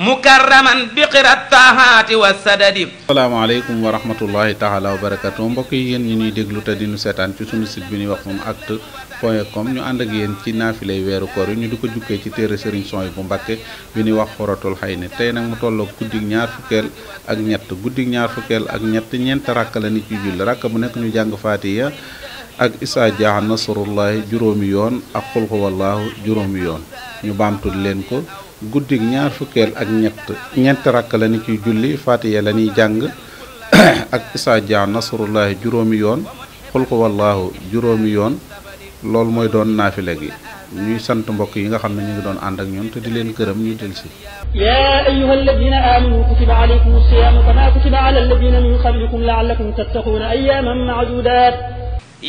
mukarraman bi qirat tahaati wa sadadi asalaamaaleykum wa rahmatullahi taala wa barakatu mbokk yi yéen ñi nuy déglu te dinu seetaan ci sunu site bi ñuy wax moom acte point comme ñu ànd ak yéen ci naafilay weeru koor yi ñu di ko jukkee ci téere sëriñ son yi bu mbàkke bi ñuy wax xoratul xay ni tey nag mu tolloo guddig ñaar fukkeel ak ñett guddig ñaar fukkeel ak ñett ñeent rakk la nit ci julli rakk bu nekk ñu jàng faatiya ak isaa jaa nasrullahi juróomi yoon ak xul huwallaahu juróomi yoon ñu baamtul leen ko guddig ñaar fukkeel ak ñett ñeent rakk la ni ciy julli fatiha la ñuy jàng ak isa dia nasrullahi juróomi yoon xul ko wallaahu juróomi yoon loolu mooy doon naafile gi ñuy sant mbokk yi nga xam ne ñu ngi doon ànd ak ñun te di leen gërëm ñu del si ya ayyuha alladina amanu kutiba alaykum asiyamu kama kutiba ala alladina min qablikum laallakum tattaquuna ayyaman maadudat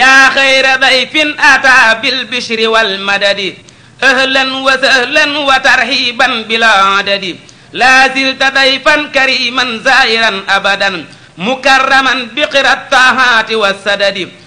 ya xayra dayfin ata bilbishri walmadadi ahlan wa sahlan wa tarhiban bila adadi laa zilta dayfan kariman zairan abadan mukarraman biqirat tahaati wa sadadi